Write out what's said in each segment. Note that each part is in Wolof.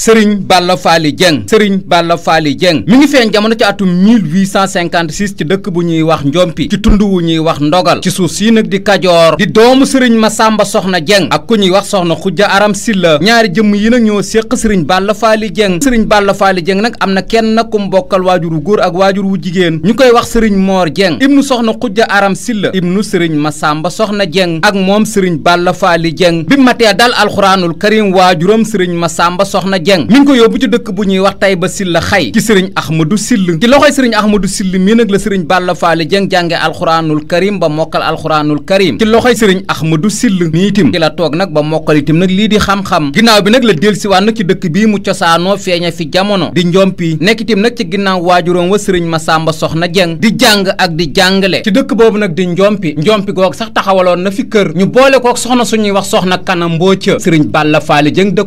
Serigne Balla Faly Dieng Serigne Balla Faly Dieng mi ngi feeñ jamono ci atum 1856 ci dëkk bu ñuy wax Njompi ci tund wu ñuy wax Ndogal ci suuf sii nag di Kajoor di doomu Serigne Masamba Soxna Dieng ak ku ñuy wax Soxna Xujja Aram Silla ñaari jëmm yi nag ñoo séq Serigne Balla Faly Dieng Serigne Balla Faly Dieng nag am na kenn nag ku mu bokkal waajur wu góor ak waajur wu jigéen ñu koy wax Serigne moor Dieng ibnu Soxna Xujja Aram Silla ibnu Serigne sàmba Soxna Dieng ak moom Serigne Balla Faly Dieng bi matee dal alxuraanul karim waajuram Serigne Masamba Soxna Dieng Dieng mi ngi ko yóbbu ci dëkk bu ñuy wax Taïba Silla Xay ci sëriñ Ahmadou Sill ci loxoy sëriñ Ahmadou Sill mii nag la sëriñ Balla Faali Dieng jànge alxuraanul karim ba mokkal alxuraanul karim ci loxoy sëriñ Ahmadou Sill mii itam ci la toog nag ba mokkal itam nag lii di xam-xam ginnaaw bi nag la del siwaan nag ci dëkk bii mu cosaanoo feeña fi jamono di njompi nekk itam nag ci ginnaaw waajuroom wa sëriñ Masamba Soxna Dieng di jàng ak di jàngale ci dëkk boobu nag di njompi njompi goog sax taxawaloon na fi kër ñu boole kook soxna suñuy wax soxna kanam kana mbooca sëriñ Balla Faali Dieng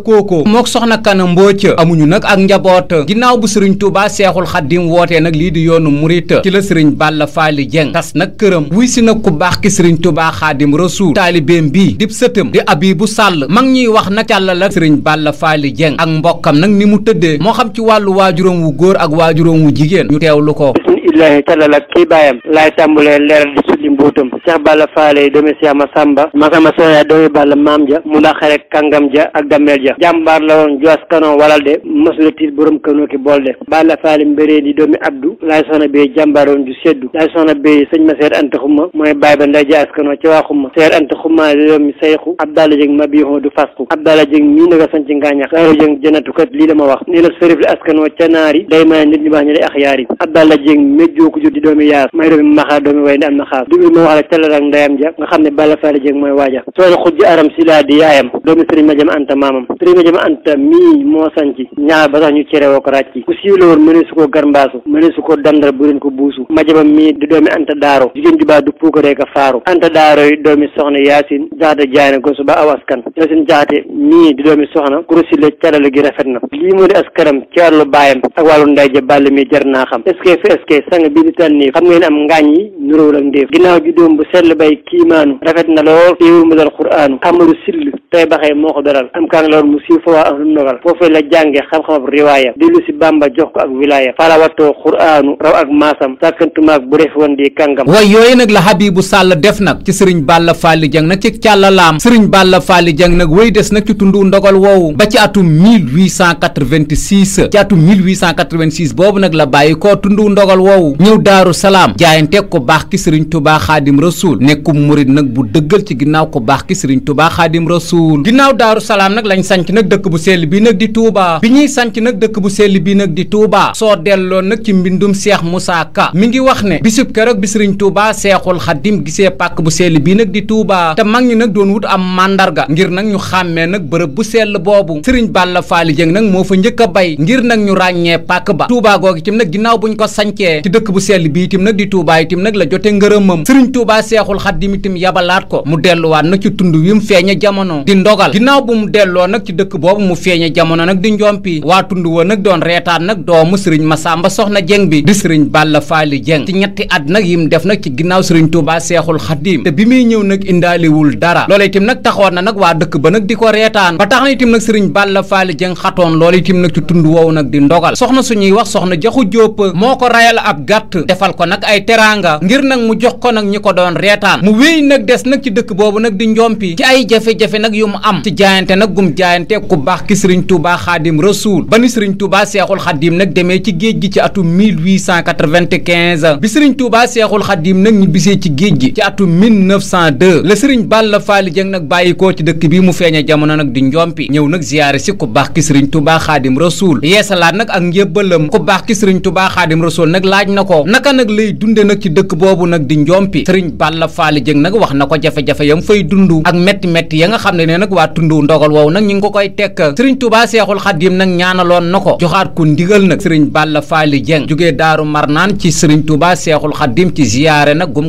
mook soxna kana Mbóoc amuñu nag ak njaboot ginnaaw bu sëriñ Touba Seexul Xaddim wootee nag lii di yoonu murit ci la sëriñ Balla Faali Jeng tas nag këram wuy si nag ku baax ki sëriñ Touba Xaadim Rasuul taalibeem bii dib sëtam di Abibu Sàll mag ñuy wax nag càlla la sëriñ Balla Faali Jeng ak mbokkam nag ni mu tëddee moo xam ci wàllu waajuróom wu góor ak waajuróom wu jigéen ñu teewlu ko bismillahi tàllal ak kii baayam laay tàmbulee leeral njabootam Cheikh Balla Faale doomi Cheikh Masamba Masamba Soya doomi Balla maam ja mu la xare kàngam ja ak dammeel ja jàmbaar la woon joas kanon walal de masula tiit borom kanoo ki bool de Balla Faale mbéree di doomi Abdou laay soxna bey jàmbaar woon ju seddu laay soxna bey sëñ ma seet anta xumma mooy baay ba nday ja askano ci waa xumma seet anta xumma di doomi sayxu Abdalla Jëng ma biixoo du fasku Abdalla Jëng ñii na nga sañ ci ngaañax Daaru Jëng janatukat lii la wax nee na sërif la askano ca naari day may nit ñu baax ñi day ax yaari Abdalla Jëng méjjoo ko jur di doomi yaas may doomi ma waxale tellal ak ndeyam ja nga xam ne Balla Fally Dieng mooy waaja sooda xujj aram si laa di yaayam doomu sëriñ la woon ma jëmam anta daaro jigéen ju du puukaree ka faaru anta daaro yi doomi soxna yaasin jaxate jaane gosu ba aw askan yaasin jaxate mii di doomi soxna kurési la cadala gi rafet na lii moo di askaram ci wàllu baayam ak wàllu ndey ja bàll mi jar naa xam est-ce que sang bi di xam ngeen am ngaañ yi nuróowul ak ndéef ginnaaw juddoom bu sell bay kiimaanu rafet na lool teewul mu dal quraanu amaru sill tay baxee moo ko dalal am kaan lool mu siiw fa waa ahlul nogal foofee la jànge xam-xamab riwaaya dellu si Bamba jox ko ak wilaaya falawattoo xuraanu raw ak maasam sàkkantumaak bu def woon di kàngam way yooyu nag la Habibou Sall def nag ci sëriñ Balla Fally Dieng nag ci càllalaam sëriñ Balla Fally nag wéy des nag ci tundu ndogal woowu ba ci atum ci atum boobu nag la bàyyi koo tundu ndogal woowu ñëw daaru salaam ko baax ki sëriñ soriwul ginnaaw daaru salaam nag lañ sanc nag dëkk bu sell bii nag di Touba bi ñuy sanc nag dëkk bu sell bi nag di Touba soo delloon nag ci mbindum seex Moussa Ka mi ngi wax ne bisub keroog bi Sëriñ Touba Seexul Xadim gisee pàkk bu sell bii nag di Touba te mag ñi nag doon wut am màndarga ngir nag ñu xàmmee nag bërëb bu sell boobu Sëriñ Balla Faali Jëng nag moo fa njëkk a bay ngir nag ñu ràññee pàkk ba Touba googu itam nag ginnaaw bu ñu ko sancee ci dëkk bu sell bii itam nag di Touba itam nag la jote ngërëmam Sëriñ Touba Seexul Xadim itam yabalaat ko mu delluwaat nag ci tund wi di ndogal ginnaaw bu mu delloo nag ci dëkk boobu mu feeñe jamono nag di njompi waa tund wa nag doon reetaan nag doomu sëriñ Masamba soxna Jeng bi di sëriñ Balla Faali Jeng ci ñetti at nag yim def nag ci ginnaaw sëriñ Touba Seexul Xadiim te bi muy ñëw nag indaaliwul dara loola itam nag taxoon na nag waa dëkk ba nag di ko reetaan ba tax na itam nag sëriñ Balla Faali Jeng xatoon loolu itam nag ci tund woowu nag di ndogal soxna suñuy wax soxna jaxu jóob moo ko rayal ab gàtt defal ko nag ay teraanga ngir ko nag ñi ko doon reetaan mu wéy nag des nag ci dëkk boobu nag di njompi ci yu mu am ci jaayante nag gum jaayante ku baax ki sëriñ Touba xaadim rasuul ba ni sëriñ Touba seexul xaadim nag demee ci géej gi ci atum 1895 bi sëriñ Touba seexul xaadim nag ñu ci géej gi ci atum 1902 la sëriñ Balla Faali Jëng nag bàyyikoo ci dëkk bi mu feeñe jamono nag di njompi ñëw nag ziyaare si ku baax ki sëriñ Touba xaadim rasuul yeesalaat nag ak njébbalam ku baax ki sëriñ Touba xaadim rasuul nag laaj na ko naka nag lay dunde nag ci dëkk boobu nag di njompi sëriñ Balla Faali Jëng nag wax na ko jafe-jafe ne nag waa tundu ndogal woowu nag ñu ngi ko koy tekk sëriñ Touba Seexul Xadim nag ñaanaloon na ko joxaat ko ndigal nag sëriñ Balla Faali Jeng jugee Daaru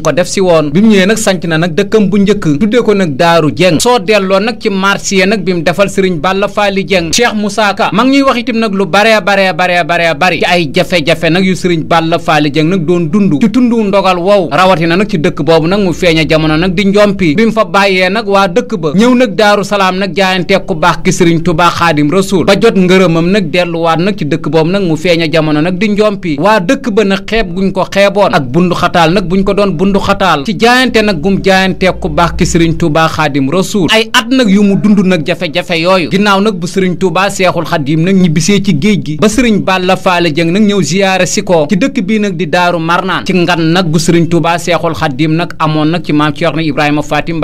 ko def si woon bi mu ñëwee nag sanc na nag dëkkam bu njëkk tuddee ko nag Daaru Jeng soo delloo nag ci marché nag bi mu defal sëriñ Balla Faali Jeng Cheikh Moussa Ka ma ngi ñuy wax itam nag lu baree bare baree baree bari ci ay jafe-jafe nag yu sëriñ Balla Faali Jeng nag doon dund ci tundu ndogal woowu rawatina nag ci dëkk boobu nag mu feeña jamono nag di njompi bi mu fa bàyyee nag waa dëkk ba ñëw nag daaru salaam nag jaayanteeg ku baax ki sëriñ tubaa xaadim rasuul ba jot ngërëmam nag delluwaat nag ci dëkk boobu nag mu feeñ jamono nag di njompi waa dëkk ba nag xeeb guñ ko xeeboon ak bundu xataal nag buñ ko doon bundu xataal ci jaayante nag gum jaayanteeg ku baax ki sëriñ tubaa xaadim rasuul ay at nag yu mu dund nag jafe-jafe yooyu ginnaaw nag bu sëriñ tubaa seexul xaadim nag ñibbisee ci géej gi ba sëriñ Balla Faale Jëng nag ñëw ziyaare si ko ci dëkk bii nag di daaru marnaan ci ngan nag gu sëriñ tubaa seexul xaadim nag amoon nag ci maam Cheikh na Ibrahima Fatim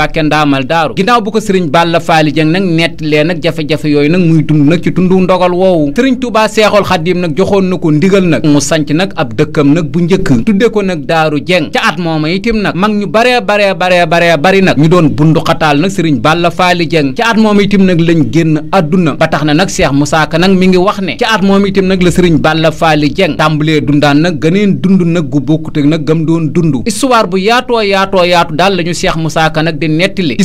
Balla Faali Jeng nag nett leen nag jafe-jafe yooyu nag muy dund nag ci tundu ndogal woowu sëriñ Tuubaa Seexul Xadiim nag joxoon na ko ndigal nag mu sanc nag ab dëkkam nag bu njëkk tudde ko nag Daaru Jeng ca at mooma itim nag mag ñu baree baree baree baree bari nag ñu doon bundu xataal nag sëriñ Balla Faali Jeng ca at mooma itim nag lañ génn àdduna ba tax na nag Seex Musaa Ka nag mi ngi wax ne ca at moom itim nag la sëriñ Balla Faali Jeng tàmbalee dundaan nag gëneen dund nag gu bokkut ak nag gam doon dund histoire bu yaatoo yaatoo yaatu daal la ñu Seex Musaa Ka nag di nettali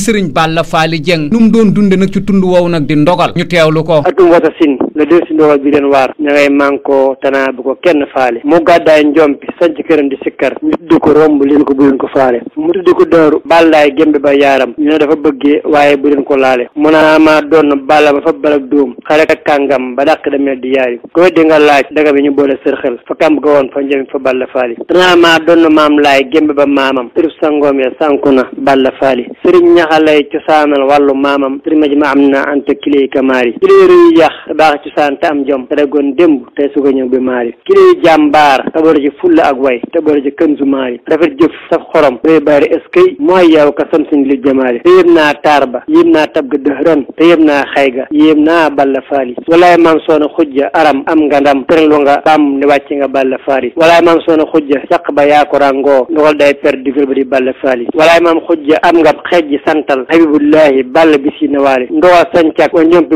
nu doon dunde nag ci tund woow nag di ndogal ñu teewlu ko atum wata sin la del si ndogal bi leen waar ña ngay mànkoo tanaa bu ko kenn faale mu gàddaay njompi sanc këram di sikkar ñu tudd ko romb leen ko bu leen ko faale mu tudd ko daaru bàllaay gémbe yaaram ñu dafa bëggee waaye bu leen ko laale mu naa maa doon bàlla ba fa balak dóom xale ka kàngam ba dàq demel di yaari ko di nga laaj daga bi ñu boole sërxel fa kàmb ga woon fa njëmi fa balla faali tanaa maa doon maam laay gémbe ba maamam tërif sangoom ya na balla faali sëriñ ñaxalay cosaanal wàllu maamam sëriñ ma ji ma na ante kilé cosaan te am jom te daggoon démb tey su ko ñëw bi maari ki day jàmbaar te boole ci fulla ak way te boole ci kën su maari rafet jëf saf xorom réy bari eskay mooy yow ka son li jamaali te yëb naa taar ba yëb naa tab ga dëhëran te yëb naa xay ga yëb naa balla faali walaay maam soona xujja aram am nga ndam tërlu nga bam ne wàcc nga balla faali walaay maam soona xujja ba yaa ko ràngoo ndogal day per digal ba di balla faali walaay maam xujja am nga xeej ji santal habibullahi balla bi si nawaali ndogal wa ñompi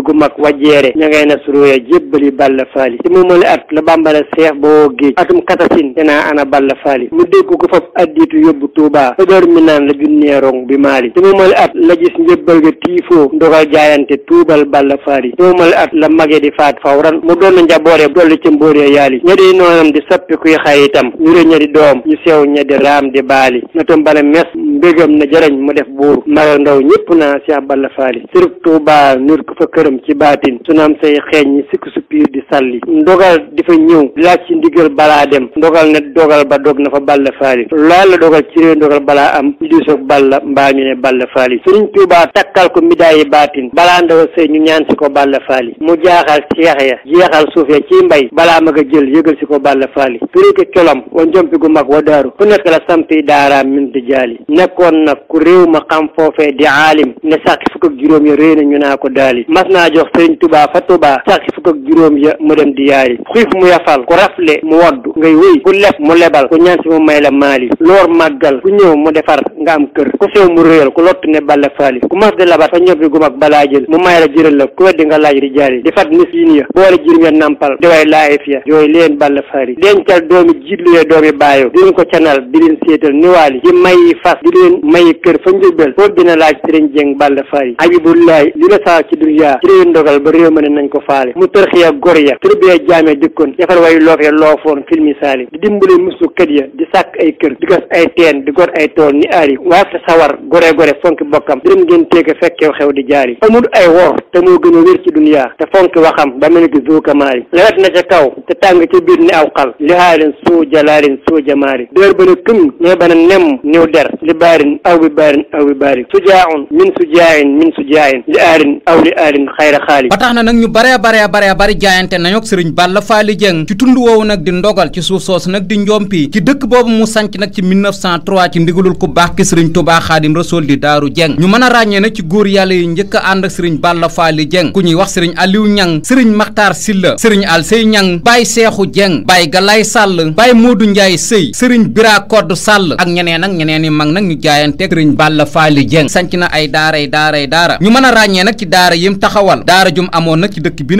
gooya jébbali Balla Faali ci moomale at la bambara seex boo géej atum katasin danaa ana Balla Faali mu dégg ko foofu addiitu yóbbu Tuubaa Pëdër mi naan la junneerong bi maali ci moomale at la gis njébbal ga tiifoo ndogal jaayante tuubal Balla Faali ci moomale at la mage di faat fawran mu doon njaboore dolli ci mbóore yaali ña di noonam di sappi kuy xaritam ñu rëñ ña di doom ñu sew ña di raam di baali natam bana mes mbégam na jarañ mu def buur magal ndaw ñëpp naa Cheikh Balla Faali sërëb Tuubaa nur fa këram ci baatin su naam say xeeñ ñi sikk su di sàlli ndogal di fa ñëw laaj ci ndigal balaa dem ndogal ne dogal ba dog na fa Balla Faali loolu la dogal ci réew ndogal balaa am ñu di soog Balla mbaa ñu ne Balla Faali sëriñ Tuubaa takkal ko midaayi baatin balaa ndaw sëy ñu ñaan si ko Balla Faali mu jaaxal seex ya jeexal suuf ya ci mbay balaa mag a jël yëgal si ko Balla Faali firi ko colom fekkoon nag ku réew ma xam foofee di aalim ne sàkki fukk ak juróom ya réy na ñu naa ko daali mas naa jox sëriñ tubaa fa tubaa sàkki fukk ak juróom ya mu dem di yaari xiif mu yafal ku rafle mu wodd ngay wéy ku leb mu lebal ku ñaan si mu may la maali loor màggal ku ñëw mu defar nga am kër ku sew mu réyal ku lott ne balla faali ku mas di labat fa ñoppi gum ak balaa jël mu may la jëral la ku weddi nga laaj di jaari di fat nis yin ya boole jirim ya nampal di way laayif ya yooyu leen balla leen maye kër fa njëbal foo gën a laaj sëriñ Dieng Balla Fari Abibullahi li la saa ci duniyaa ci réew ndogal ba réew ma ne nañ ko faale mu tërxiya gor ya tërbiya jaame dëkkoon defar way loofee loofoon filmi saali di dimbale musukat ya di sàkk ay kër di gas ay teen di gor ay tool ni aari waa fi sawar a ci na ca kaw te tàng ca biir ni aw xal lihaalin suu jalaalin suu jamaari dër ba ne këm nee ba ne nemm niw der li baarin aw bi baarin aw bi baarin sujaaun min sujaain min ba tax na nag ñu baree baree baree bari jaayante nañu ak sëriñ Balla Faali Jeng ci tund woowu nag di ndogal ci suuf soosu nag di njompi ci dëkk boobu mu sanc nag ci 1903 ci ndigalul ku baax ki sëriñ Tubaa Xaadim Rasuul di Daaru Jeng ñu mën a ràññee nag ci góor yàlla yi njëkk a ànd ak sëriñ Balla Faali Jeng ku ñuy wax sëriñ Aliou Ñang sëriñ Maxtaar Silla sëriñ Alsey Ñang Baay Seexu Jeng Baay Galaay Sàll Baay Moodu Njaay Sëy sëriñ Bira Sàll ak jaayante sëriñ Balla Faali Jeng sanc na ay daaray daaray daara ñu mën a ràññee nag ci daara yim taxawal daara jum amoon nag ci dëkk bu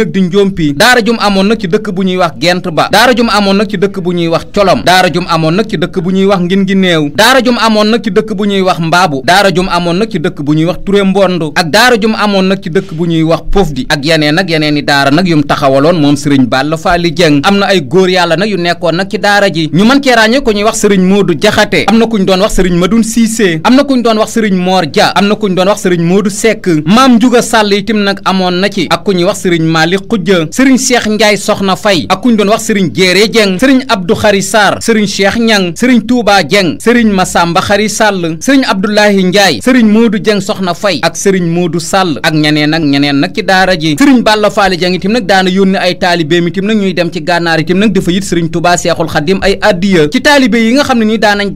ñuy wax ba daara jum amoon nag colom daara jum amoon nag ci dëkk bu ñuy wax ngin gi néew daara jum amoon nag ci dëkk bu ñuy wax mbaabu daara jum amoon nag ci dëkk bu ñuy wax Touré Mbond ak daara jum amoon nag ci dëkk bu ñuy wax Pof ak yeneen nag yeneen i daara nag yum taxawaloon moom sëriñ Balla Faali Jeng am na ay góor yàlla nag yu nekkoon Cissé am na kuñ doon wax sëriñ Mor Dia am na kuñ doon wax sëriñ Modou Seck maam Njuga Sàll itam nag amoon na ci ak ku ñuy wax sëriñ Malick Khoudia sëriñ Cheikh Ndiaye Soxna Faye ak kuñ doon wax sëriñ Jéere Dieng sëriñ Abdou Khari Sarr sëriñ Cheikh Ñang sëriñ Touba Dieng sëriñ Massamba Khari Sall sëriñ Abdoulahi Ndiaye sëriñ Modou Dieng Soxna Faye ak sëriñ Modou Sall ak ñeneen ak ñeneen nag ci daara ji sëriñ Balla Faali Dieng itam nag daana yónni ay taalibeem itam nag ñuy dem ci gànnaar itam nag dafa yit sëriñ Touba Seexul Xadim ay addiya ci taalibe yi nga xam ne ni daanañ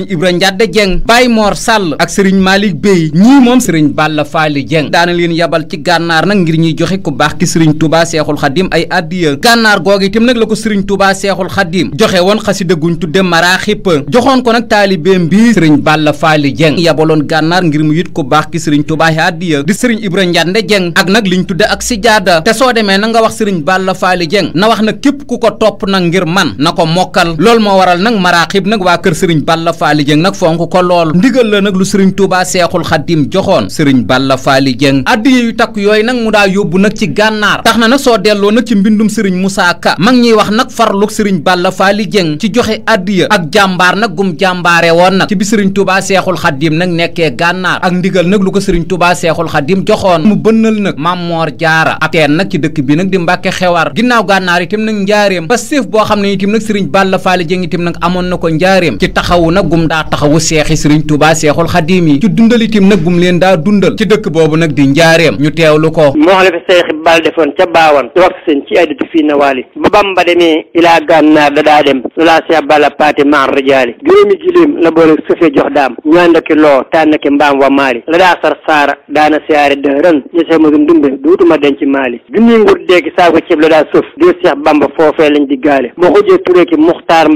sëriñ Ibra Ndiadde Dieng Baye Mor Sall ak sëriñ Malick Bey ñii moom sëriñ Balla Faali Dieng daana leen yabal ci gànnaar nag ngir ñuy joxe ku baax ki sëriñ Touba Seexul Xadim ay addiya gànnaar googu itam nag la ko sëriñ Touba Seexul Xadim joxe woon xasida guñ tudde maraaxib joxoon ko nag taalibeem bi sëriñ Balla Faali Dieng yabaloon gànnaar ngir mu yit ku baax ki sëriñ Touba addiya di sëriñ Ibra Ndiadde Dieng ak nag liñ tudde ak sijaada te soo demee na nga wax sëriñ Balla Faali Dieng na wax nag képp ku ko topp nag ngir man na ko mokkal loolu moo waral nag maraaxib nag waa kër sëriñ Balla Faali Faly Dieng nag fonk ko lool ndigal la nag lu sëriñ Touba Seexul Xaddim joxoon sëriñ Balla Faly Dieng yu takk yooyu nag mu daa yóbbu nag ci gànnaar tax na nag soo delloo nag ci mbindum sëriñ Moussa Ka mag ñiy wax nag farluk sëriñ Balla Faly Dieng ci joxe addiya ak jàmbaar nag gum jàmbaare woon nag ci bi sëriñ Touba Seexul Xaddim nag nekkee gànnaar ak ndigal nag lu ko sëriñ Touba Seexul Xaddim joxoon mu bënnal nag Maam Moor Jaara ab teen nag ci dëkk bi nag di Mbàkke xewar ginnaaw gànnaar itam nag njaareem ba séef boo xam ne itam nag sëriñ Balla Faly Dieng itam nag amoon na ko njaareem ci taxawu nag gum daa taxawu seexi sëriñ tubaa seexul xadiim yi ci dundalitim nag gum leen daa dundal ci dëkk boobu nag di njaareem ñu teewlu ko moo la fi seexi bal defoon ca baawan di waxtu seen ci na waali ba bamba demee ilaa gànnaar da daa dem lolaa seex bala paati maar rijaali juróomi giléem la boole sufe jox daam ñaandaki loo tànnaki mbaam wa maali la daa sar saara daana siyaare dëhëran ñu seex ma dumbe duutuma denc maali junni nguur deeki saako ceeb la daa suuf diir seex bamba foofee lañ di gaale moo xujjee turee ki muxtaar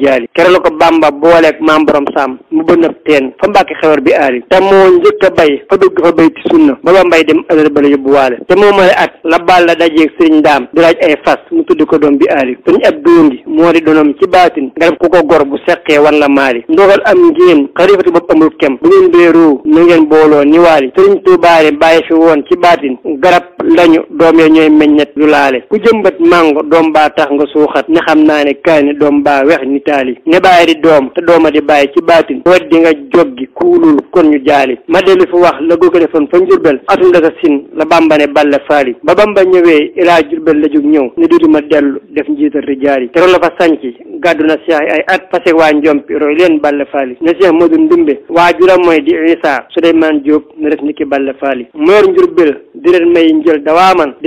jaali kere la ko bamba booleeg maam borom saam mu bënn ab teen fa mbàkke xewar bi aali te moo njëkk a bay fa dugg fa bay ci sunna ba ba mbay dem alal bala yóbbu waale te moo male at la bal la dajeeg sëriñ daam di laaj ay fas ko doom bi aali sëriñ ab doondi moo di donom ci baatin nga ku ko gor bu seqee wan la maali ndogal am ngeen xarifati bopp amul kem bu ngeen béeroo na ngeen booloo ni waali sëriñ tuubaale bàyyi fi woon ci baatin garab lañu doom ya ñooy meññet lu laale ku jëmbat mango doom baa tax nga suuxat ne xam naa ne kaani doom baa taali ne baay di doom te dooma di bàyyi ci baatin wat di joggi kuulul kon ñu jaali ma dellu fa wax la googa defoon fa njurbel atum la ko sin la bamba ne balle faali ba bamba ñëwee ilaa jurbel la jóg ñëw ne duduma dellu def njiital rijaal yi keroog la fa sànci gàddu na seex ay at fase waa njompi roy leen balle faali ne seex modu ndumbe waajuram mooy di isa Souleymane Diop ne def ni ki balle faali moor njurbel di leen may njël dawaa man di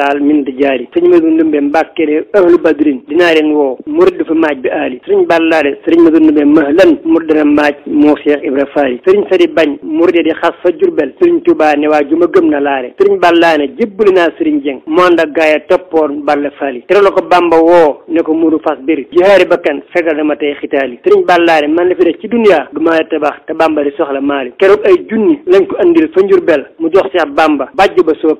a daal min di jaari sëñ Maodo Ndumbe Mbàkke ne ahlu badrin dinaa leen woo murid dafa maaj bi aali sëriñ bàllaale sëriñ Maodo Ndumbe mahlan murid dana maaj moo Cheikh Ibra Faari sëriñ sadi bañ murid di xas fa jurbel sëriñ Tuubaa waa ju ma gëm na laare sëriñ bàllaane jébbali naa sëriñ Jeng mu ànd toppoon Balla Faali tere la ko Bàmba woo ne ko muru fas bëri jihaari bakkan fegal dama tey xitaali sëriñ bàllaane man la fi def ci duniyaa du maa tabax te Bàmba di soxla maali keroog ay junni lañ ko andil fa njurbel mu jox Cheikh Bàmba bàjj ba soo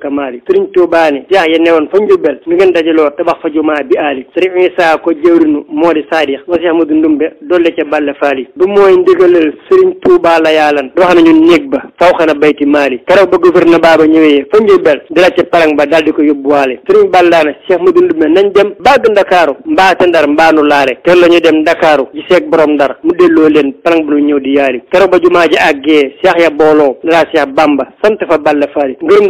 ya newoon fa njubbel nu ngeen dajaloo tabax fa jumaa bi aali sëriñ Isaa ko jëwrinu moo di saadix wa Seex Amadu Ndumbe dolle ca Balla Faali du mooy ndigalal sëriñ Tuubaa la yaalan doo xam ne ñun néeg ba faw xana bayti maali keroog ba gouverneur baaba ñëwee fa njubbel dala ca parang ba daal di ko yóbbuwaale sëriñ Ballaane Seex Amadu Ndumbe nañ dem bagg Ndakaaru mbaate Ndar mbaanu laale te la ñu dem Ndakaaru ji seeg borom Ndar mu delloo leen parang ba lu ñëw di yaali keroog ba jumaa ji àggee Seex ya booloo dalaa Seex Bamba sant fa Balla Faali ngërëm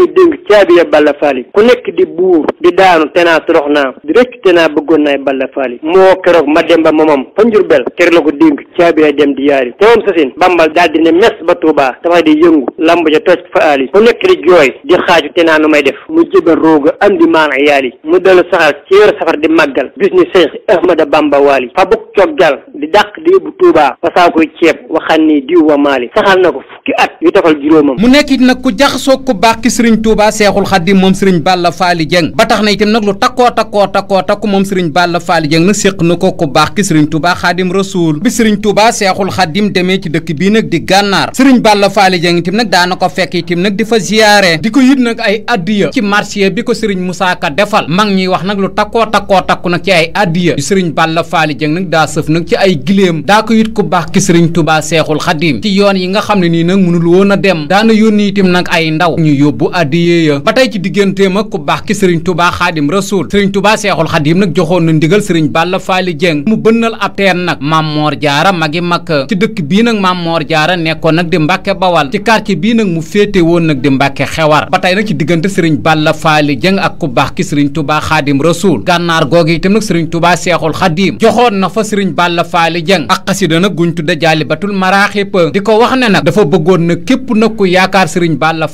ñu dénk caabi a Balla Fally ku nekk di buur di daanu te naa torox naa di rëcc te naa bëggoon naay Balla moo keroog ma dem ba moomam fa Njurbel kër la ko dénk caabi a dem di yaari te moom sasin bambal daal ne mes ba Tuubaa dafay di yëngu lamb ja toj fa aali ku nekk di jooy di xaaju te naa nu may def mu jëbal rooga am di maana yaali mu dalu saxar ci yor safar di màggal bis ni Seex Ahmada Bamba waali fa bug coggal di dàq di yóbbu Tuubaa wasaakoy ceeb wa maali saxal na ko fukki at sëriñ Touba Seexul Xaddim moom sëriñ Balla Faali Jeng ba tax na itam nag lu takkoo takkoo takkoo takku moom sëriñ Balla Faali Jeng nag séq na ko ku baax ki sëriñ Touba Xaadim Rasuul bi sëriñ Touba Seexul Xaddim demee ci dëkk bii nag di gànnaar sëriñ Balla Faali Jeng nag daana ko fekk itam nag di fa ziyaare di ko yit nag ay addiya ci marché bi ko sëriñ Moussa Ka defal mag ñiy wax nag lu takkoo takkoo takku nag ci ay addiya yu sëriñ Balla Faali nag daa sëf nag ci ay giléem daa ko yit ku baax ki sëriñ Touba Seexul Xaddim a addiyee ya ba tey ci digganteem ak ku baax ki sëriñ tubaa xaadim rasul sëriñ tubaa seexul xaadim nag na ndigal sëriñ Balla Faali Jeng mu bënnal ab teen nag maam Moor Jaara magi makka ci dëkk bii nag maam nekkoon nag di Mbàkke Bawal ci quartier bii nag mu féete woon nag di Mbàkke Xewar ba tey nag ci diggante sëriñ Balla Faali Jeng ak ku baax ki sëriñ tubaa xaadim rasul gànnaar googu itam nag sëriñ tubaa seexul xaadim joxoon na fa sëriñ Balla Faali Jeng ak xasida nag guñ tudde jaalibatul maraaxib di ko wax ne nag dafa bëggoon na képp nag ku yaakaar sëriñ Balla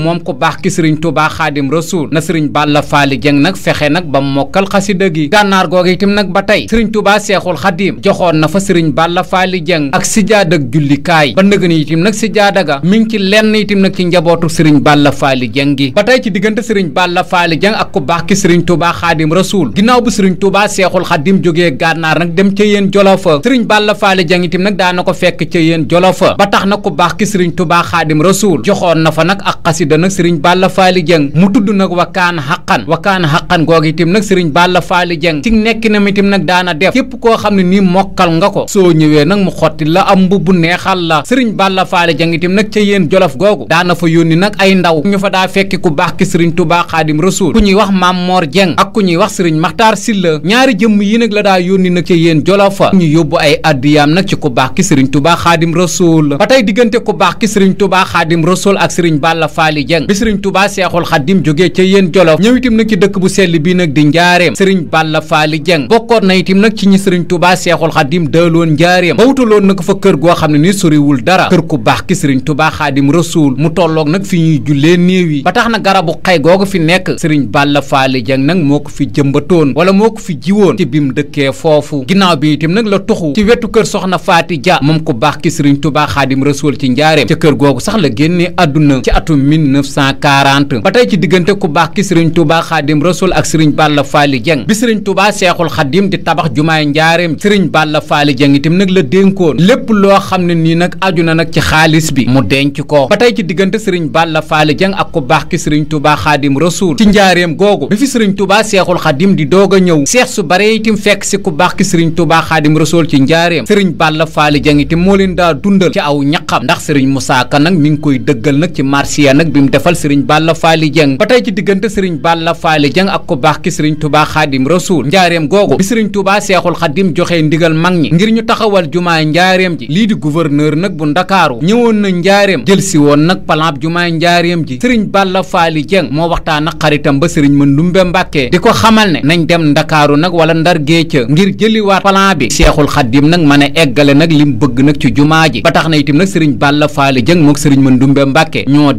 moom ku baax ki sëriñ Tuubaa Xaadim Rasuul na sëriñ Balla Faali Jeng nag fexe nag ba mokkal xasida gi gànnaar googu itam nag ba tey sëriñ Tuubaa Seexul Xaadim joxoon na fa sëriñ Balla Faali Jeng ak sijaada ak jullikaay ba nëgën itam nag sijaada ga mi ngi ci lenn itam nag ci njabootu sëriñ Balla Faali Jeng gi ba tey ci diggante sëriñ Balla Faali Jeng ak ku baax ki sëriñ Tuubaa Xaadim Rasuul ginnaaw bu sëriñ Tuubaa Seexul Xaadim jógee gànnaar nag dem ca yéen jolofa sëriñ Balla Faali Jeng itam nag daana ko fekk ca yéen jolofa ba tax na ku baax ki sëriñ Tuubaa Xaadim Rasuul joxoon na fa nag ak xasida xasida nag sëriñ Balla Faali Jeng mu tudd nag wakkaan xaqan wakkaan xaqan googu itam nag sëriñ Balla Faali Jeng ci nekk na itam nag daana def képp koo xam ne nii mokkal nga ko soo ñëwee nag mu xotti la am mbubb neexal la sëriñ Balla Faali Jeng itam nag ca yéen jolof googu daana fa yónni nag ay ndaw ñu fa daa fekki ku baax ki sëriñ Tuubaa Xaadim Rasuul ku ñuy wax Maam Moor Jeng ak ku ñuy wax sëriñ Maxtaar Silla ñaari jëmm yi nag la daa yónni nag ca yéen jolof fa ñu yóbbu ay addiyaam nag ci ku baax ki sëriñ Tuubaa Xaadim Rasuul ba tey diggante ku baax ki sëriñ Tuubaa Xaadim Rasuul ak sëriñ Balla Faali Bakary Dieng bi sëriñ Touba Seexul Xaddim jógee ca yéen Jolof ñëw itam nag ci dëkk bu sell bi nag di njaareem sëriñ Balla Faali Dieng bokkoon na itam nag ci ñi sëriñ Touba Seexul Xaddim dëloon njaareem ba wutaloon nag fa kër goo xam ne ni soriwul dara kër ku baax ki sëriñ Touba Xaadim Rasuul mu tolloog nag fi ñuy jullee néew yi ba tax na garabu xay googu fi nekk sëriñ Balla Faali Dieng nag moo ko fi jëmbatoon wala moo ko fi jiwoon ci bim dëkkee foofu ginnaaw bi itam nag la tuxu ci wetu kër soxna Faati Dia moom ku baax ki sëriñ Touba Xaadim Rasuul ci njaareem ca kër googu sax la génnee àdduna ci atum 1940 ba tey ci diggante ku baax ki sëriñ Touba Xaadim Rasul ak sëriñ Balla Faali Jeng nag la dénkoon lépp loo xam ne nii nag aju na nag ci xaalis bi mu denc ko ba tey ci diggante sëriñ Balla Faali Jeng ak ku baax ki sëriñ Touba Xaadim Rasul ci njaareem googu bi fi sëriñ Touba Seexul Xaadim di doog a ñëw seex su bare itam fekk si ku baax ki sëriñ Touba Xaadim Rasul ci njaareem sëriñ Balla Faali Jeng itam moo leen daa dundal ci aw ñaqam ndax sëriñ Musaa Ka nag mi ngi koy dëggal nag bi mu defal sëriñ Balla Faali Jeng ba tey ci diggante sëriñ Balla Faali Jeng ak ku baax ki sëriñ Touba Xaadim Rasuul njaareem googu bi sëriñ Touba Seexul Xaadim joxee ndigal mag ñi ngir ñu taxawal jumaay njaareem ji lii di gouverneur nag bu Ndakaaru ñëwoon na njaareem jël si woon nag plan jumaay njaareem ji sëriñ Balla Faali Jeng moo waxtaan xaritam ba sëriñ Mandumbe Mbàkke di ko xamal ne nañ dem Ndakaaru nag wala Ndar Géeca ngir jëliwaat plan bi Seexul Xaadim nag mën a eggale nag li mu bëgg nag ba tax na itam nag sëriñ Balla Faali Jeng mook sëriñ Mandumbe Mbàkke ñoo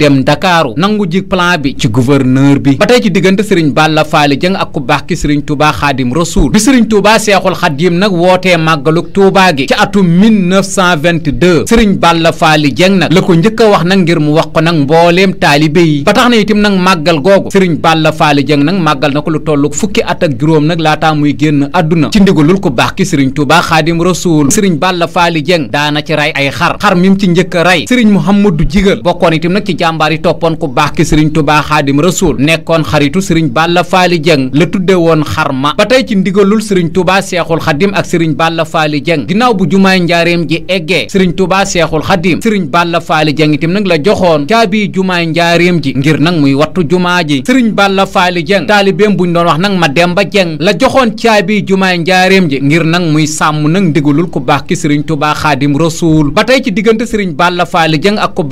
ndakaaru nangu ji plan bi ci gouverneur bi ba tey ci diggante sëriñ Balla Faali Jëng ak ku baax ki sëriñ Touba Xaadim Rasuul bi sëriñ Touba Seexul Xaadim nag wootee màggaluk Touba gi ci atum 1922 sëriñ Balla Faali Jëng nag la ko njëkk a wax nag ngir mu wax ko nag mbooleem taalibe yi ba tax na itam nag màggal googu sëriñ Balla Faali Jëng nag màggal na ko lu toll fukki at ak juróom nag laataa muy génn àdduna ci ndigalul ku baax ki sëriñ Touba Xaadim Rasuul sëriñ Balla Faali Jëng daana ci rey ay xar xar mi mu ci njëkk a rey sëriñ Mouhamadou Jigal bokkoon itam nag ci jàmbaar yi toppoon ku baax ki sëriñ tubaa xaadim rasuul nekkoon xaritu sëriñ bàlla faali jëng la tudde woon ma ba tey ci ndigalul sëriñ tubaa seexul xadim ak sëriñ bàlla faali jëng ginnaaw bu jumaay njaareem ji eggee sëriñ tubaa seexul xadim sëriñ bàlla faali jëng itam nag la joxoon caabi jumaay njaareem ji ngir nag muy wattu jumaa ji sëriñ bàlla faali jëng taalibeem buñ doon wax nag ma demba jëng la joxoon caabi jumaay njaareem ji ngir nag muy sàmm nag ndigalul ku baax ki sëriñ tubaa xaadim rasuul ba tey ci diggante sëriñ bàlla faali jëng ak ku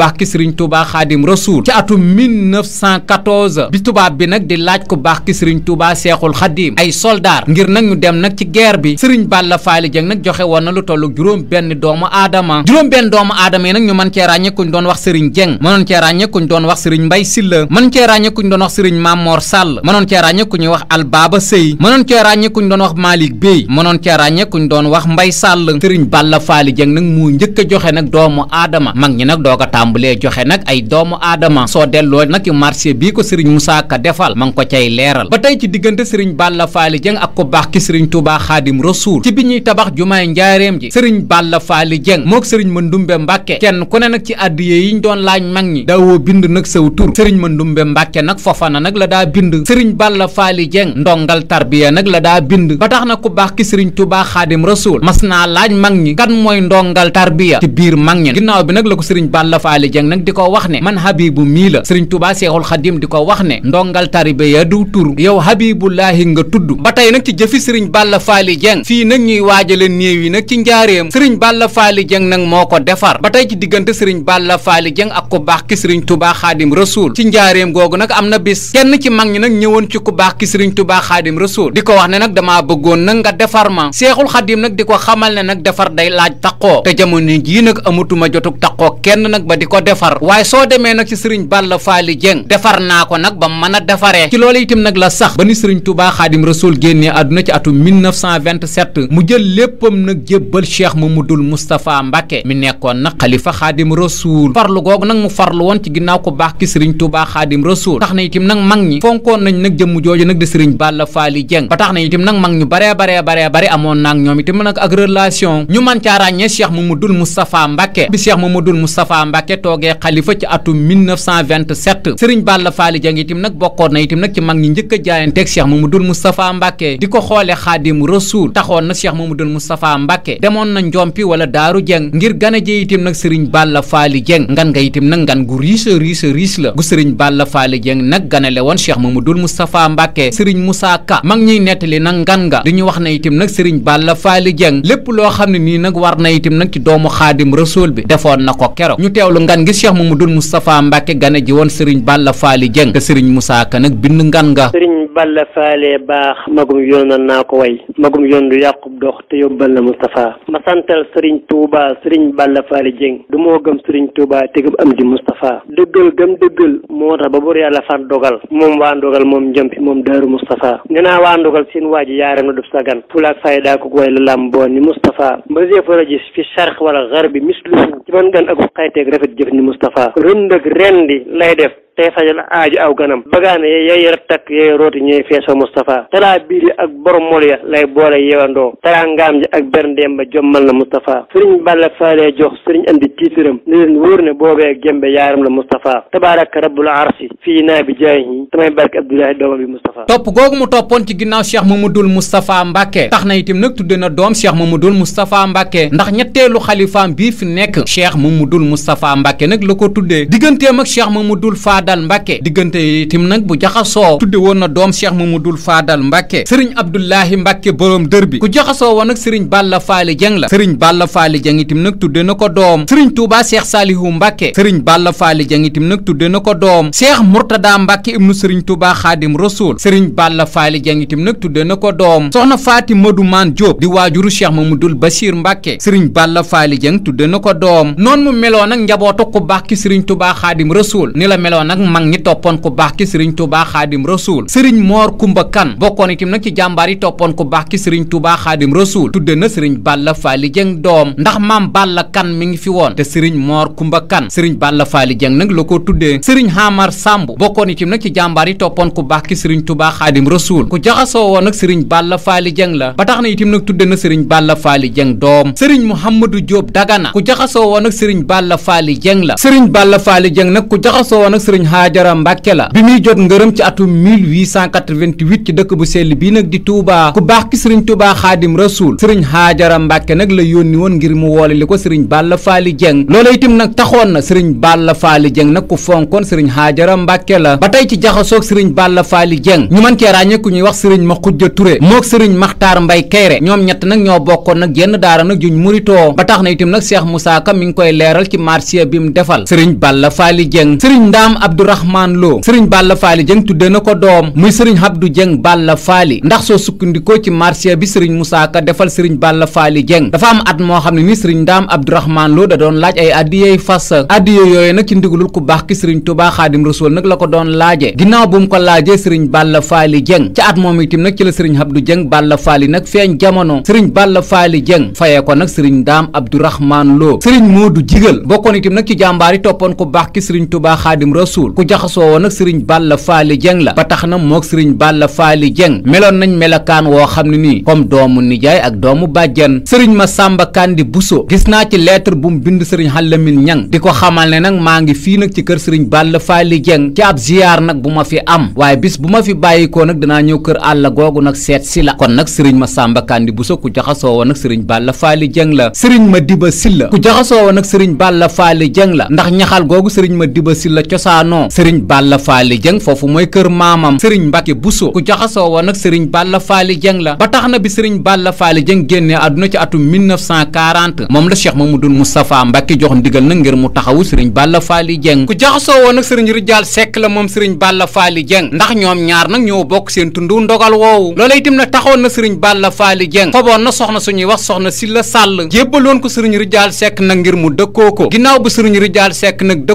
ci atum 1914 bi tubaab bi nag di laaj ku baax ki sëriñ Touba Seexul Xaddiim ay soldaar ngir nag ñu dem nag ci guerre bi sëriñ Balla Faali Jeng nag joxe woon na lu tollu juróom benn doomu aadama juróom benn doomu aadama yi nag ñu mën cee ràññee kuñ doon wax sëriñ Jeng mënoon cee ràññee kuñ doon wax sëriñ Mbay Silla mënoon cee ràññee kuñ doon wax sëriñ Mamor Sàll mënoon cee ràññee ku ñuy wax Albaaba Sëy mënoon cee ràññee kuñ doon wax Malik Bey mënoon cee ràññee kuñ doon wax Mbay Sàll sëriñ Balla Faali Jeng nag moo njëkk joxe nag doomu aadama mag ñi nag doog a joxe également soo delloo nag ci marché bii ko sëriñ Moussa Ka defal ma ngi ko cay leeral ba tey ci diggante sëriñ Balla Faali Jeng ak ko baax ki sëriñ Touba Xaadim Rasuul ci bi ñuy tabax jumaay njaareem ji sëriñ Balla Faali Jeng mook sëriñ Mandumbe Mbàkke kenn ku ne nag ci addiye yi ñu doon laaj mag ñi daawoo bind nag saw tur sëriñ Mandumbe Mbàkke nag Fofana nag la daa bind sëriñ Balla Faali ndongal tarbiya nag la daa bind ba tax na ku baax ki sëriñ Touba Xaadim Rasuul mas naa laaj mag ñi kan mooy ndongal bi nag la ko sëriñ Balla Faali mii la sëriñ tubaa seexul xadim di ko wax ne ndongal taribe ya diw tur yow habibullaahi nga tudd ba tey nag ci jëfi sëriñ Balla Faali Jeng fii nag ñuy waajale néew yi nag ci njaareem sëriñ Balla Faali Jeng nag moo ko defar ba tey ci diggante sëriñ Balla Faali Jeng ak ku baax ki sëriñ tubaa xaadim rasuul ci njaareem googu nag am na bis kenn ci mag ñi nag ñëwoon ci ku baax ki sëriñ tubaa xaadim rasuul di ko wax ne nag damaa bëggoon nag nga defar ma seexul xa nag di ko xamal ne nag defar day laaj taqoo te jamono jii nag amatuma jotug taqoo kenn nag ba di ko defar sëriñ ba mën a defaree ci loolu nag la sax ba ni sëriñ Touba Xaadim Rasuul génnee àdduna ci atum mu jël léppam nag jébbal Cheikh Mamadul Moustapha Mbacke mi nekkoon nag xalifa Xaadim Rasuul farlu googu nag mu farlu woon ci ginnaaw ko baax ki sëriñ Touba Xaadim Rasuul tax na itam nag mag ñi fonkoon nañ nag jëmm jooju nag di sëriñ Balla Faali Jeng ba tax na itam nag mag ñu baree baree baree bare amoon naag ñoom itam nag ak relation ñu mën caa 1927 Serigne Balla Faali Jang itam nag bokkoon na itam nag ci mag ñi njëkk a jaayanteeg Cheikh Mamadou Moustapha Mbacke di ko xoole Xaadim Rasuul taxoon na Cheikh Mamadou Moustapha Mbacke demoon na Njompi wala Daaru Jeng ngir gan a jee itam nag Serigne Balla Faali Jeng ngan nga itam nag ngan gu riche riche riche la gu Serigne Balla Faali Jeng nag ganale woon Cheikh Mamadou Moustapha Mbacke Serigne Moussa mag ñuy nettali nag ngan nga di ñu wax na itam nag Serigne Balla Faali Jeng lépp loo xam ne nii nag war na itam nag ci doomu Xaadim Rasuul bi defoon na gane ji woon sëriñ Balla Faali Jeng te sëriñ Moussa Ka nag bind ngan nga sëriñ Balla Faale baax magum yoonal naa ko way magum yoon du yàqub dox te yóbbal na Moustapha ma santal sëriñ Touba sëriñ Balla Faali Jeng du moo gëm sëriñ Touba te gëm am ji Moustapha dëggal gëm dëggal moo tax ba bur yàlla far dogal moom waa ndogal moom njëmpi moom daaru Moustapha nee naa waa ndogal seen waa ji sa na dub sagan fulaak fayda ko way la làmboon ni Moustapha mbësee fa la gis fi jëf andi lay def tey fajal aaji aw ganam bagaane yay yar takk yay rooti ñooy feesoo Moustapha talaa biir yi ak borom mol ya lay boole yewandoo talaa ngaam ji ak berndeem ba jommal na Moustapha sëriñ Balla Faalee jox sëriñ andi tiitiram ni leen wóor ne boobee gembe yaaram la Moustapha tabaaraka rabbul arsi fii naa bi jaayi samay barke Abdoulahi dooma bi Moustapha topp googu mu toppoon ci ginnaaw Cheikh Mamadul Moustapha Mbacke tax na itam nag tudde na doom Cheikh Mamadul Moustapha Mbacke ndax ñetteelu xalifaam bii fi nekk Cheikh Mamadul Moustapha Mbacke nag ak Faadal Mbacke diggante itim nag bu jaxasoo tudde woon na doom Cheikh Mamadou Faadal Mbacke Serigne Abdoulahi Mbacke borom dër bi ku jaxasoo woon nag Serigne Balla Faali Jeng la Serigne Balla Faali Jeng itim nag tudde na ko doom Serigne Touba Cheikh Salihu Mbacke Serigne Balla Faali Jeng itim nag tudde na ko doom Cheikh Mourtada Mbacke ibnu Serigne Touba Xaadim Rasul Serigne Balla Faali Jeng itim nag tudde na ko doom soxna Faati Madu Man Diop di waajuru Cheikh Mamadou Bachir Mbacke Serigne Balla Faali Jeng tudde na ko doom noonu mu meloon nag njabootu ku baax ki Serigne Touba Xaadim Rasul ni la meloon nag ak mag ñi toppoon ku baax ki sëriñ Tuubaa Xaadim Rasuul sëriñ Moor Kumba Kan bokkoon itam nag ci jàmbaar yi toppoon ku baax ki sëriñ Tuubaa Xaadim Rasuul tudde na sëriñ Balla Faali Jeng doom ndax maam Balla Kan mi ngi fi woon te sëriñ Moor Kumba Kan sëriñ Balla Faali Jeng nag la ko tuddee sëriñ Xamar Sàmb bokkoon itam nag ci jàmbaar yi toppoon ku baax ki sëriñ Tuubaa Xaadim Rasuul ku jaxasoo woon nag sëriñ Balla Faali Jeng la ba tax na itam nag tudde na sëriñ Balla Faali Jeng doom sëriñ Mouhamadou Diop Dagana ku jaxasoo woon nag sëriñ Balla Faali Jeng la sëriñ Balla Faali Jeng nag ku jaxasoo woon nag sëriñ Haajara Mbàkke la bi muy jot ngërëm ci atum 1888 ci dëkk bu sell bii nag di Touba ku baax ki sëriñ Touba Xaadim Rasuul sëriñ Haajara Mbàkke nag la yónni woon ngir mu woole li ko sëriñ Balla Faali Jeng loola itam nag taxoon na sëriñ Balla Faali Jeng nag ku fonkoon sëriñ Haajara Mbàkke la ba tey ci jaxasoog sëriñ Balla Faali Jeng ñu man cee ràññee ku ñuy wax sëriñ Maxujja Ture mook sëriñ Maxtaar Mbay Kayre ñoom ñett nag ñoo bokkoon nag yenn daara nag juñ muritoo ba tax na itam nag Cheikh Moussa Ka mi ngi koy leeral ci marché bi mu defal sëriñ Balla Faali Jeng sëriñ Abdourahmane Lo sëriñ Balla Faali Jëng tudde na ko doom muy sëriñ Abdou Jëng Balla ndax soo sukkandikoo ci marché bi sëriñ Moussa Ka defal sëriñ Balla Faali Jëng dafa am at moo xam ne ni sëriñ Ndaam Abdourahmane Lo da doon laaj ay addiyey fas addiye yooyu nag ci ndigalul ku baax ki sëriñ Tuubaa Xaadim Rasuul nag la ko doon laaje ginnaaw bu mu ko laajee sëriñ Balla Faali Jëng ca at moom itam nag ci la sëriñ Abdou Jëng Balla Faali nag feeñ jamono sëriñ Balla Faali Jëng fayee ko nag sëriñ Ndaam Abdourahmane Lo sëriñ Moodu Jigal bokkoon itam nag ci jàmbaar yi toppoon ku baax suul ku jaxasoo woon ak sëriñ Balla Faali Jeng la ba tax na mook sëriñ Balla Faali Jeng meloon nañ melakaan woo xam ne nii comme doomu nijaay ak doomu bàjjan sëriñ Masamba Kandi Bousso gis naa ci lettre bu mu bind sëriñ Xalamin Ñang di ko xamal nag maa ngi fii nag ci kër sëriñ Balla Faali Jeng ci ab ziyaar nag bu ma fi am waaye bis bu ma fi bàyyikoo nag dinaa ñëw kër àlla googu nag seet si la nag sëriñ Masamba Kandi Bousso ku jaxasoo woon ak sëriñ Balla Faali Jeng la sëriñ Madiba Silla ku jaxasoo woon ak sëriñ Balla Faali la ndax ñaxal googu sëriñ Madiba Silla cosaan cosaanoo sëriñ Balla Faali Jëng foofu mooy kër maamam sëriñ Mbàkke Buso ku jaxasoo woon nag sëriñ Balla Faali la ba tax na bi sëriñ Balla Faali Jëng génnee àdduna ci atum 1940 moom la Cheikh Mamadou Moustapha Mbàkke jox ndigal na ngir mu taxawu sëriñ Balla Faali ku jaxasoo woon nag sëriñ Rijaal Sekk la moom sëriñ Balla Faali Jëng ndax ñoom ñaar nag ñoo bokk seen tundu ndogal woowu loola itam nag taxoon na sëriñ Balla Faali Jëng xoboon na soxna suñuy wax soxna Silla Sàll jébbaloon ko sëriñ Rijaal Sekk nag ngir mu dëkkoo ko ginnaaw bu sëriñ Rijaal Sekk nag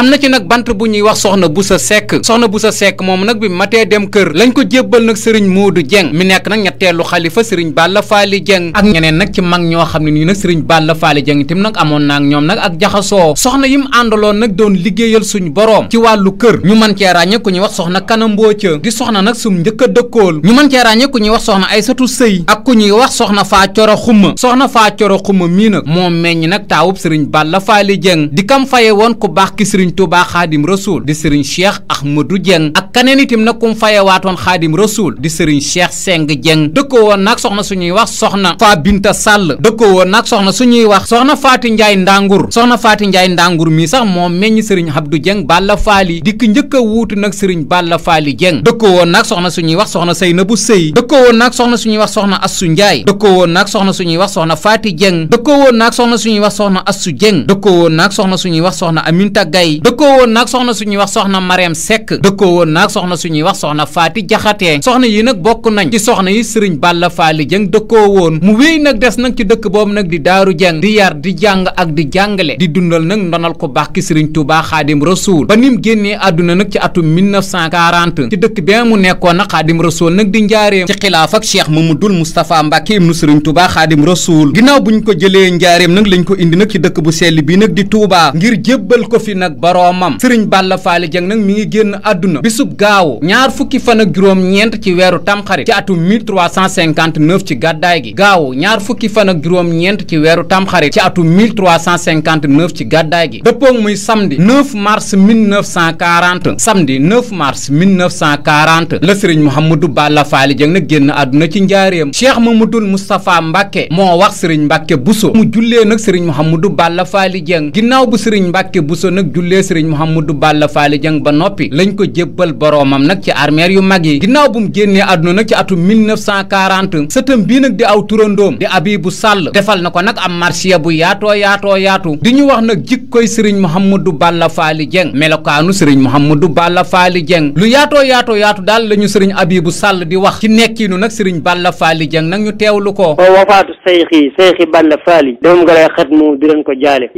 am na ci nag bant bu ñuy wax soxna bu sa sekk soxna bu sa sekk moom nag bi matee dem kër lañ ko jébbal nag sëriñ du Jeng mu nekk nag ñetteelu xalifa sëriñ Balla Faali Jeng ak ñeneen nag ci mag ñoo xam ne nii nag sëriñ Balla Faali Jeng itam nag amoon naa ak ñoom nag ak jaxasoo soxna yim àndaloon nag doon liggéeyal suñu boroom ci wàllu kër ñu mën cee ràññe ku ñuy wax soxna kanambooca di soxna nag sum njëkk a dëkkool ñu mën cee ràññeeku ñuy wax sox Aysatu Sëy ak ku ñuy wax soxna faa coro xumma soxna faa coro xumma mii nag moom meññ nag taawub sëriñ Balla Faali Jeng di kam faye woon ku baax ki sëriñ Touba xaadim Rasoul di sëriñ Cheikh Ahmadou Dieng ak kaneen itam nag kum fayewaatoon xaadim Rasoul di sëriñ Cheikh Seng Dieng dëkkoo woon nag soxna suñuy wax soxna Fa Binta Sall dëkkoo woon nag soxna suñuy wax soxna Faati Njaay Ndangur soxna Faati Njaay Ndangur mii sax moom meññ sëriñ Abdou Dieng Balla Faali dikk njëkk a wuutu nag sëriñ Balla Faali Dieng dëkkoo woon nag soxna suñuy wax soxna Seynabu Sëy dëkkoo woon nag soxna suñuy wax soxna Assu Njaay dëkkoo woon nag soxna suñuy wax soxna Faati Dieng dëkkoo woon nag soxna suñuy wax soxna Assu Dieng dëkkoo woon nag soxna suñuy wax soxna Aminta Gay Guèye dëkkoo woon nag soxna suñuy wax soxna Mariam Seck dëkkoo woon nag soxna suñuy wax soxna Faati Jaxate soxna yi nag bokk nañ ci soxna yi sëriñ Balla Faali Jëng dëkkoo woon mu wéy nag des nag ci dëkk boobu nag di Daaru Jëng di yar di jàng ak di jàngale di dundal nag ndonal ko baax ki sëriñ Tuubaa Xaadim Rasuul ba nim génnee àdduna nag ci atum 1940 ci dëkk bi mu nekkoon nag Xaadim Rasuul nag di njaareem ci xilaaf ak Cheikh Mamadul Moustapha Mbàkke ibnu sëriñ Tuubaa Xaadim Rasuul ginnaaw buñ ko jëlee njaareem nag lañ ko indi nag ci dëkk bu sell bi nag di Tuubaa ngir jébbal ko fi nag ba boroomam sëriñ Balla Faali Jeng nag mi ngi génn àdduna bisub gaawu ñaar fukki fan ak juróom-ñeent ci weeru tamxarit ci atum 1359 ci gàddaay gi gaawu ñaar fukki fan ak juróom-ñeent ci weeru tamxarit ci atum 1359 ci gàddaay gi dëppoog muy samedi 9 mars 1940 samedi 9 mars 1940 la sëriñ Mouhamadou Balla Faali Jeng nag génn àdduna ci njaareem Cheikh Mamadou Moustapha Mbacke moo wax sëriñ Mbacke Bousso mu jullee nag sëriñ Mouhamadou Balla Faali Jeng ginnaaw bu sëriñ Mbacke Bousso nag jullee liggéeyal sëriñ Mouhamadou Balla Faali Jëng ba noppi lañ ko jébbal boroomam nag ci armeer yu mag yi ginnaaw bu mu génnee àdduna nag ci atu 1940 sëtam bii nag di aw turandoom di Abibu Sàll defal na ko nag am marsiya bu yaatoo yaatoo yaatu di ñu wax nag jikkoy sëriñ Mouhamadou Balla Faali Jëng melokaanu sëriñ Mouhamadou Balla Faali Jëng lu yaatoo yaatoo yaatu daal la sëriñ Abibu Sàll di wax ci nekkiinu nag sëriñ Balla Faali Jëng nag ñu teewlu ko wafaatu seyxi seyxi Balla Faali demam nga lay mu di ko jaale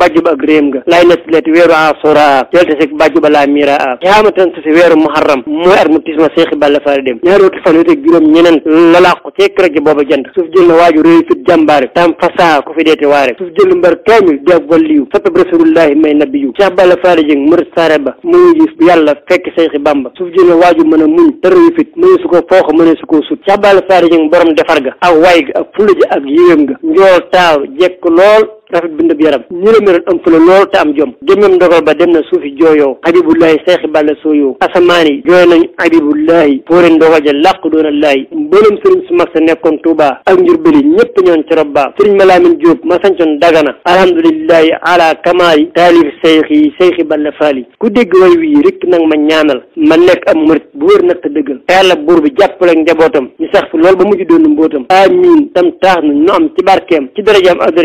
bàjjuba ak réem nga lay nett leeti weeru asura jolta si bàjjuba laa miira a yaama tan si weeru muharram mooy at mu tisma seexi balla faari dem ñaari wati fan wéteg juróom ñeneen lalaa ko ceekk rajo booba jant suuf jël na waaju réew fit jàmbaare tam fasaa ku fi deete waare suuf jël mbar kaamil jaab walliyu satab rasulullahi may nabiyu seex ba muy gis yàlla fekk seexi bamba suuf jël na waaju mën a muñ te réew fit mëne su ko fooxa mëne su ko sut seex balla faari jëng borom defar rafet bindab yaram nii la meloon ëmp na lool te am jom gémmam ndogal ba dem na suufi jooyoo habibullahi seexi bàlla sooyoo asamaani jooy nañ habibullahi foore ndogal ja làq doona laay mbooleem sëriñ su mag sa nekkoon Tuuba ak njurbëli ñépp ñoon ci robba sëriñ Malaamin Jóob ma sancoon dagana alhamdulillahi ala kamaali taalif seexi seexi bàlla faali ku dégg way wii rek nag ma ñaanal ma nekk am murit bu wër nag te dëggal te yàlla buur bi jàppale njabootam ñu sax fi loolu ba mujj doon mbootam amiin tam taax nu ñu am ci barkeem ci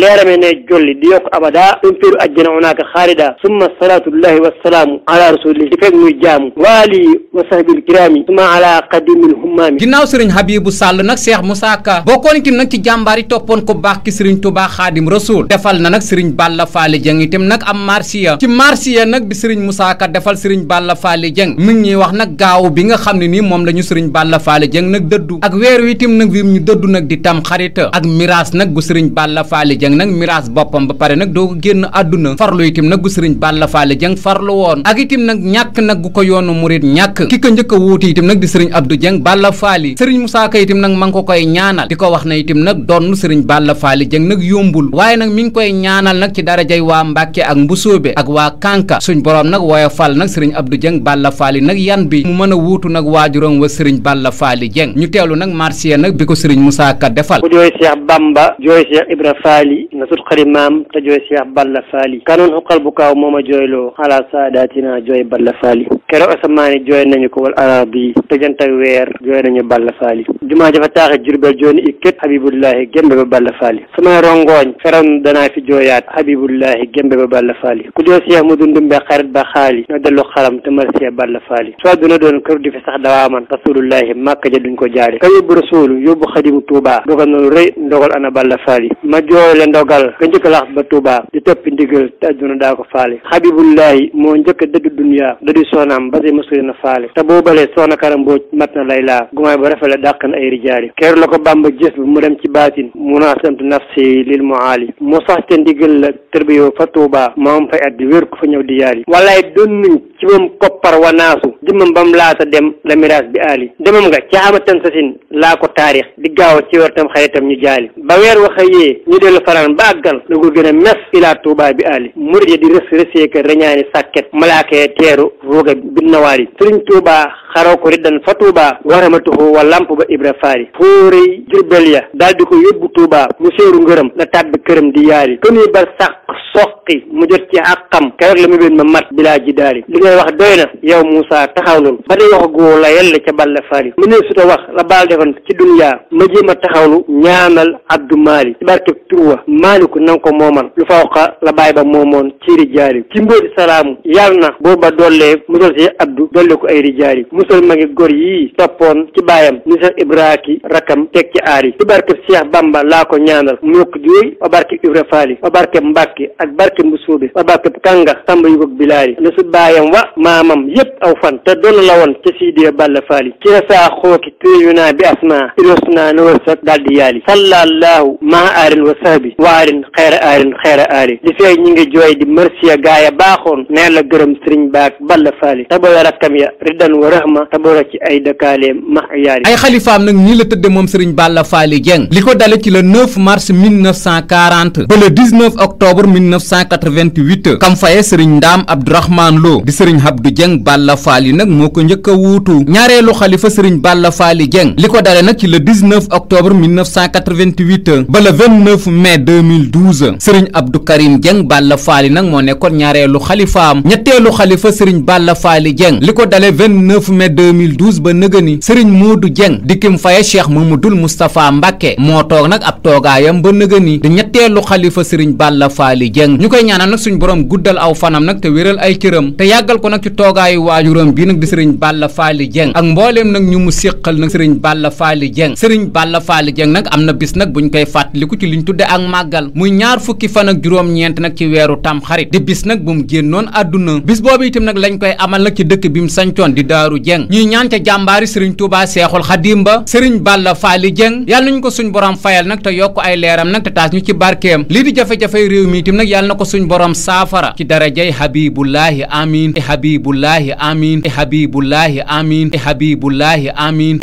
leerame ne jolli di yokk abada ɗum peeru ajjana onaaka xaalida summa salatullahi wassalaamu ala rasulillah di fekk muy jaamu waali wa sahbil kirami summa ala qadimil hummaami ginnaaw sëriñ Habibu Sàll nag Cheikh Moussa Ka bokkoon itam nag ci jàmbaar yi toppoon ko baax ki sëriñ Tuubaa Xaadim Rasuul defal na nag sëriñ Balla Faali Jeng itam nag am marsiya ci marsiya nag bi sëriñ Moussa Ka defal sëriñ Balla Faali Jeng mi ngi wax nag gaaw bi nga xam ne nii moom la ñu sëriñ Balla Faali Jeng nag dëddu ak weer wi itam nag wi ñu dëddu nag di tam xarita ak miraas nag gu sëriñ Balla Dieng nag miraas boppam ba pare nag doogu génn àdduna farlu itim nag gu sëriñ Balla Fally Dieng farlu woon ak itim nag ñàkk nag gu ko yoonu murit ñàkk ki ko a wuuti itim nag di sëriñ Abdou Dieng Balla Fally sëriñ Moussa Ka itim nag ma ngi ko koy ñaanal di ko wax na itim nag doonn sëriñ Balla Fally Dieng nag yombul waaye nag mi ngi koy ñaanal nag ci darajay waa Mbàkke ak Mbusoobe ak waa Kànka suñ boroom nag wooye nag sëriñ Abdou Dieng Balla Fally nag a faali nga sut xari maam te jooy seex balla faali kanoon uqal bu kaaw a jooyloo ala saadaatina jooy balla faali keroog asamaani jooy nañu ko wal arabi te jant ak weer jooy nañu balla faali jumaa jafa taaxe jurbel jooni i képp habibullahi gembe ba balla faali samay rongooñ feroon danaa fi jooyaat habibullahi gembe ba balla faali ku jooy seex mu a xarit ba xaali na dellu xalam te mar seex balla faali soo duna doon kër di fi sax dawaaman rasulullahi màkka ja duñ ko jaare ka yóbbu rasulu yóbbu xadimu tuubaa dogal na lu rëy ndogal ana balla faali ma jooy dajale ndogal nga njëkk lax ba Touba di toppi ndigal te adduna daa ko faale Habibullahi moo njëkk a dëddu dunya dëddu soxnaam ba si mësul na faale te boobale soxna Karam Mbooj mat na lay laa gumaay ba rafet la dàq na ay rijaali keer la ko Bàmba jës bu mu dem ci baatin munaasamtu nafsi lil muaali mu sax te ndigal la tërbiyoo fa Touba maam fay at di wér ku fa ñëw di yaali walaay doon nañ ci moom koppar wanaasu jëmmam bam laata dem la miraas bi aali demam nga ca amatan alquran ba àggal la ko gën a mes ilaa tuuba bi ali murid ya di rës rësee que reñaani sàkket malaaka ya teeru ruuga binnawaali sëriñ tuuba xaroo ko riddan fa tuuba waramatuhu wa lamp ba ibra faari fóorëy jurbel ya daal di ko yóbbu tuuba mu séeru ngërëm la tàbbi këram di yaari kënuy ba sax soqi mu jot ci àqam keroog la mu bén ma mat bilaa ji daari li ngay wax doy na yow Moussa taxawlul ba day wax goo la yella ca balla faari mu ne ta wax la baal defoon ci duniyaa ma jéem a taxawlu ñaanal abdu maali ci turwa maaliku na nga ko moomal lu fawqa la bàyyi ba moomoon ci rijaali ci mbóoti salaamu yàlla na booba dollee musal si abdu dolle ko ay rijaali musal magi góor yii toppoon ci baayam misal ibraki rakam teg ci aar yi ci barkeb Cheikh Bamba laa ko ñaanal mu yokk jooy ba barkeb Ibra Faali ba barkeb Mbàkke ak barkeb Mbusoobe ba barkeb Kanga Samba yu bëgg bilaari la su baayam wa maamam yépp aw fan te doon la woon ca Siidee Balla Faali ci la saa xooki téyu saabi wa aalin xeera aalin xeera aali li fee ñi ngi jooy di merci gaaya baaxoon nee la gërëm sëriñ baak balla faali tabara rakkam ya riddan wa rahma tabara ci ay dëkkaale max yaari ay xalifaam nag ñi la tëdde moom sëriñ balla faali jeng li ko dale ci le mars 1940 ba le sëriñ ndaam abdourahman di sëriñ habdu jeng balla faali nag moo ko njëkk a wuutu ñaareelu xalifa sëriñ balla faali jeng li ko dale nag ci le 19 octobre 1988 ba le 29 mai 2012 sëriñ Abdou Karim Dieng Balla Faali nag moo nekkoon ñaareelu xalifaam ñetteelu xalifa sëriñ Balla Faali Dieng li ko dale 29 mai 2012 ba nëgëni sëriñ Modou Dieng dikkim faye Cheikh Mamadul Moustapha Mbacke moo toog nag ab toogaayam ba nëgëni di ñetteelu xalifa sëriñ Balla Faali Dieng ñu koy ñaanal nag suñu boroom guddal aw fanam nag te wéral ay cëram te yàggal ko nag ci toogaayu waajuram bii nag di sëriñ Balla Faali Dieng ak mbooleem nag ñu mu séqal nag sëriñ na bis nag buñ koy fàttaliku ci diggante ak màggal muy ñaar fukki fan ak juróom-ñeent nag ci weeru tamxarit di bis nag bu mu noon àdduna bis boobu itam nag lañ koy amal nag ci dëkk bi mu sancoon di daaru jeng ñuy ñaan ca jàmbaari sëriñ Touba seexul xadim ba sëriñ faa li Jeng yàlla nañu ko suñ borom fayal nag te yokk ay leeram nag te taas ñu ci barkeem lii di jafe-jafey réew mi itam nag yàlla na ko suñ borom saafara ci darajay habibullahi amin e habibullahi amin e habibullahi amin e habibullahi amin